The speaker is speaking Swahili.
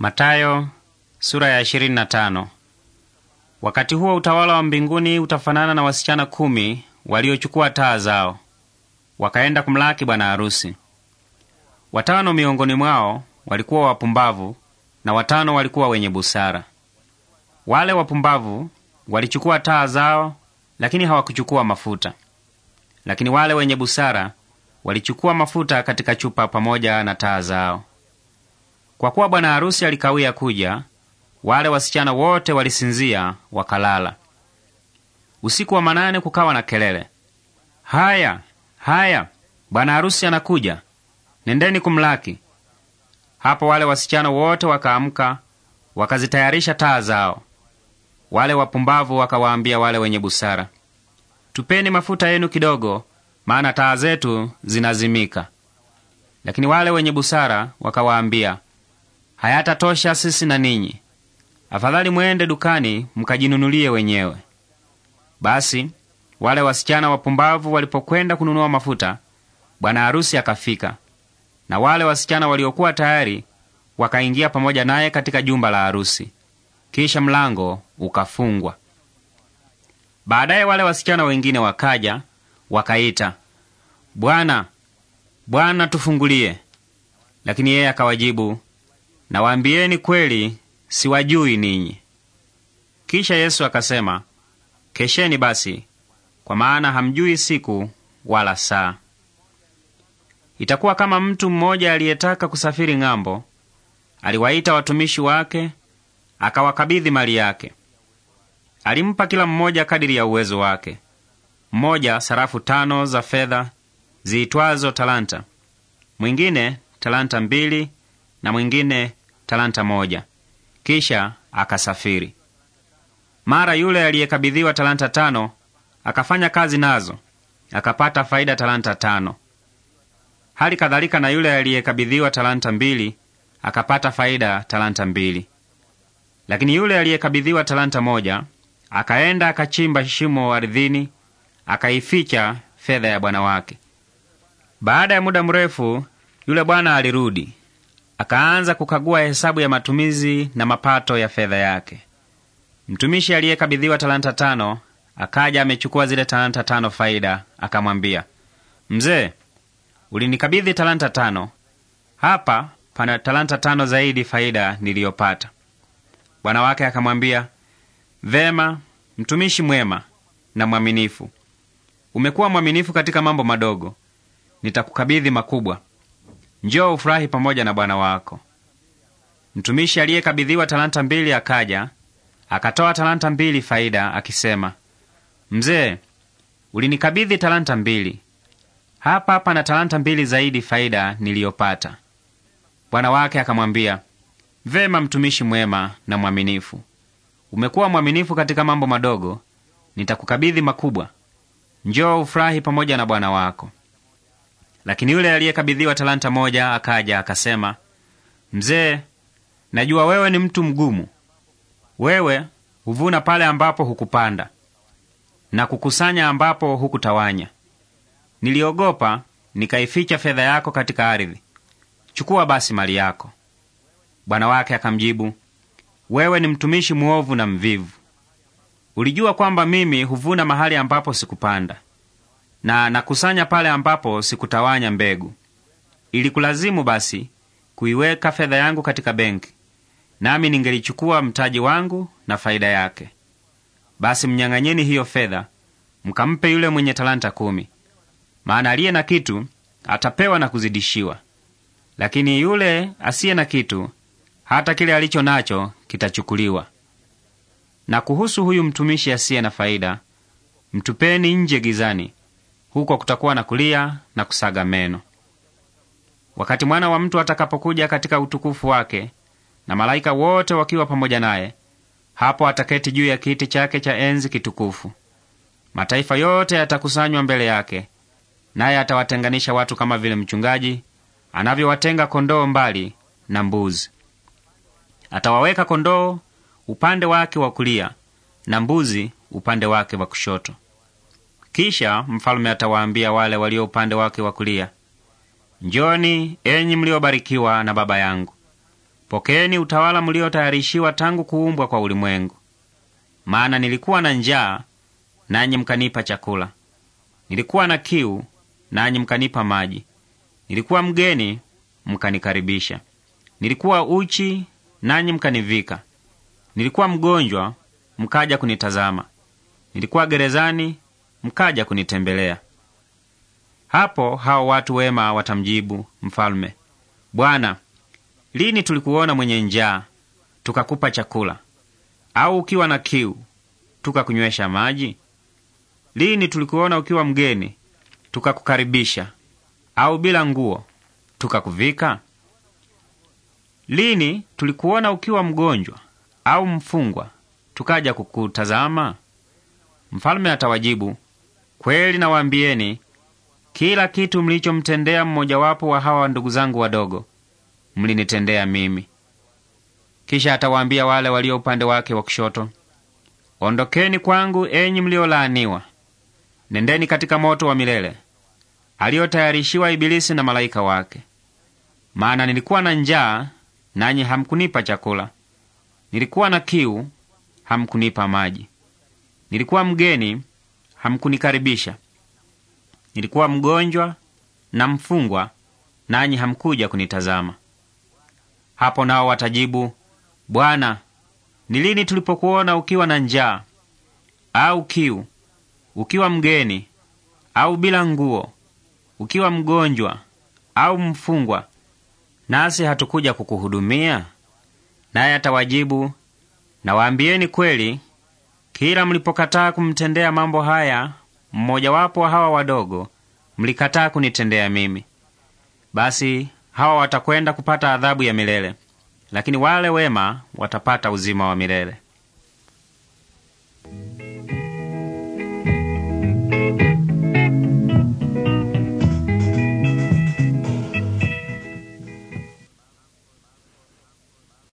Matayo, sura ya 25. Wakati huo utawala wa mbinguni utafanana na wasichana kumi waliochukua taa zao wakaenda kumlaki bwana harusi. Watano miongoni mwao walikuwa wapumbavu na watano walikuwa wenye busara. Wale wapumbavu walichukua taa zao, lakini hawakuchukua mafuta. Lakini wale wenye busara walichukua mafuta katika chupa pamoja na taa zao. Kwa kuwa bwana harusi alikawia kuja, wale wasichana wote walisinzia wakalala. Usiku wa manane kukawa na kelele, haya haya, bwana harusi anakuja, nendeni kumlaki. Hapo wale wasichana wote wakaamka, wakazitayarisha taa zao. Wale wapumbavu wakawaambia wale wenye busara, tupeni mafuta yenu kidogo, maana taa zetu zinazimika. Lakini wale wenye busara wakawaambia hayatatosha sisi na ninyi. Afadhali mwende dukani mkajinunulie wenyewe. Basi wale wasichana wapumbavu walipokwenda kununua mafuta, bwana harusi akafika, na wale wasichana waliokuwa tayari wakaingia pamoja naye katika jumba la harusi, kisha mlango ukafungwa. Baadaye wale wasichana wengine wakaja, wakaita, Bwana, Bwana, tufungulie. Lakini yeye akawajibu, nawaambieni kweli, siwajui ninyi. Kisha Yesu akasema, kesheni basi, kwa maana hamjui siku wala saa. Itakuwa kama mtu mmoja aliyetaka kusafiri ng'ambo, aliwaita watumishi wake, akawakabidhi mali yake. Alimpa kila mmoja kadiri ya uwezo wake, mmoja sarafu tano za fedha ziitwazo talanta, mwingine talanta mbili, na mwingine talanta moja, kisha akasafiri. Mara yule aliyekabidhiwa talanta tano akafanya kazi nazo, akapata faida talanta tano. Hali kadhalika na yule aliyekabidhiwa talanta mbili akapata faida talanta mbili. Lakini yule aliyekabidhiwa talanta moja akaenda akachimba shimo ardhini, akaificha fedha ya bwana wake. Baada ya muda mrefu, yule bwana alirudi akaanza kukagua hesabu ya matumizi na mapato ya fedha yake. Mtumishi aliyekabidhiwa talanta tano akaja amechukua zile talanta tano faida, akamwambia, mzee, ulinikabidhi talanta tano, hapa pana talanta tano zaidi faida niliyopata. Bwana wake akamwambia, vema, mtumishi mwema na mwaminifu, umekuwa mwaminifu katika mambo madogo, nitakukabidhi makubwa njoo ufurahi pamoja na bwana wako. Mtumishi aliyekabidhiwa talanta mbili akaja akatoa talanta mbili faida, akisema, mzee, ulinikabidhi talanta mbili, hapa na talanta mbili zaidi faida niliyopata. Bwana wake akamwambia, vema, mtumishi mwema na mwaminifu, umekuwa mwaminifu katika mambo madogo, nitakukabidhi makubwa. Njoo ufurahi pamoja na bwana wako. Lakini yule aliyekabidhiwa talanta moja akaja akasema, mzee, najua wewe ni mtu mgumu. Wewe huvuna pale ambapo hukupanda na kukusanya ambapo hukutawanya. Niliogopa nikaificha fedha yako katika ardhi. Chukua basi mali yako. Bwana wake akamjibu, wewe ni mtumishi mwovu na mvivu. Ulijua kwamba mimi huvuna mahali ambapo sikupanda na nakusanya pale ambapo sikutawanya mbegu. Ilikulazimu basi kuiweka fedha yangu katika benki, nami ningelichukua mtaji wangu na faida yake. Basi mnyang'anyeni hiyo fedha, mkampe yule mwenye talanta kumi. Maana aliye na kitu atapewa na kuzidishiwa, lakini yule asiye na kitu, hata kile alicho nacho kitachukuliwa. Na kuhusu huyu mtumishi asiye na faida, mtupeni nje gizani huko kutakuwa na kulia na kusaga meno. Wakati mwana wa mtu atakapokuja katika utukufu wake na malaika wote wakiwa pamoja naye, hapo ataketi juu ya kiti chake cha enzi kitukufu. Mataifa yote yatakusanywa mbele yake, naye atawatenganisha watu kama vile mchungaji anavyowatenga kondoo mbali na mbuzi. Atawaweka kondoo upande wake wa kulia na mbuzi upande wake wa kushoto. Kisha mfalme atawaambia wale walio upande wake wa kulia, njoni enyi mliobarikiwa na Baba yangu, pokeni utawala mliotayarishiwa tangu kuumbwa kwa ulimwengu. Maana nilikuwa na njaa, nanyi mkanipa chakula; nilikuwa na kiu, nanyi mkanipa maji; nilikuwa mgeni, mkanikaribisha; nilikuwa uchi, nanyi mkanivika; nilikuwa mgonjwa, mkaja kunitazama; nilikuwa gerezani, mkaja kunitembelea. Hapo hao watu wema watamjibu mfalme, Bwana, lini tulikuona mwenye njaa tukakupa chakula, au ukiwa na kiu tukakunywesha maji? Lini tulikuona ukiwa mgeni tukakukaribisha, au bila nguo tukakuvika? Lini tulikuona ukiwa mgonjwa au mfungwa tukaja kukutazama? Mfalme atawajibu, Kweli nawaambieni, kila kitu mlichomtendea mmojawapo wa hawa ndugu zangu wadogo mlinitendea mimi. Kisha atawaambia wale walio upande wake wa kushoto, ondokeni kwangu, enyi mliolaaniwa, nendeni katika moto wa milele aliyotayarishiwa Ibilisi na malaika wake. Maana nilikuwa na njaa, nanyi hamkunipa chakula; nilikuwa na kiu, hamkunipa maji; nilikuwa mgeni, hamkunikaribisha. Nilikuwa mgonjwa na mfungwa, nanyi hamkuja kunitazama. Hapo nao watajibu, Bwana, ni lini tulipokuona ukiwa na njaa au kiu, ukiwa mgeni au bila nguo, ukiwa mgonjwa au mfungwa, nasi hatukuja kukuhudumia? Naye atawajibu, nawaambieni kweli kila mlipokataa kumtendea mambo haya mmojawapo wa hawa wadogo, mlikataa kunitendea mimi. Basi hawa watakwenda kupata adhabu ya milele, lakini wale wema watapata uzima wa milele.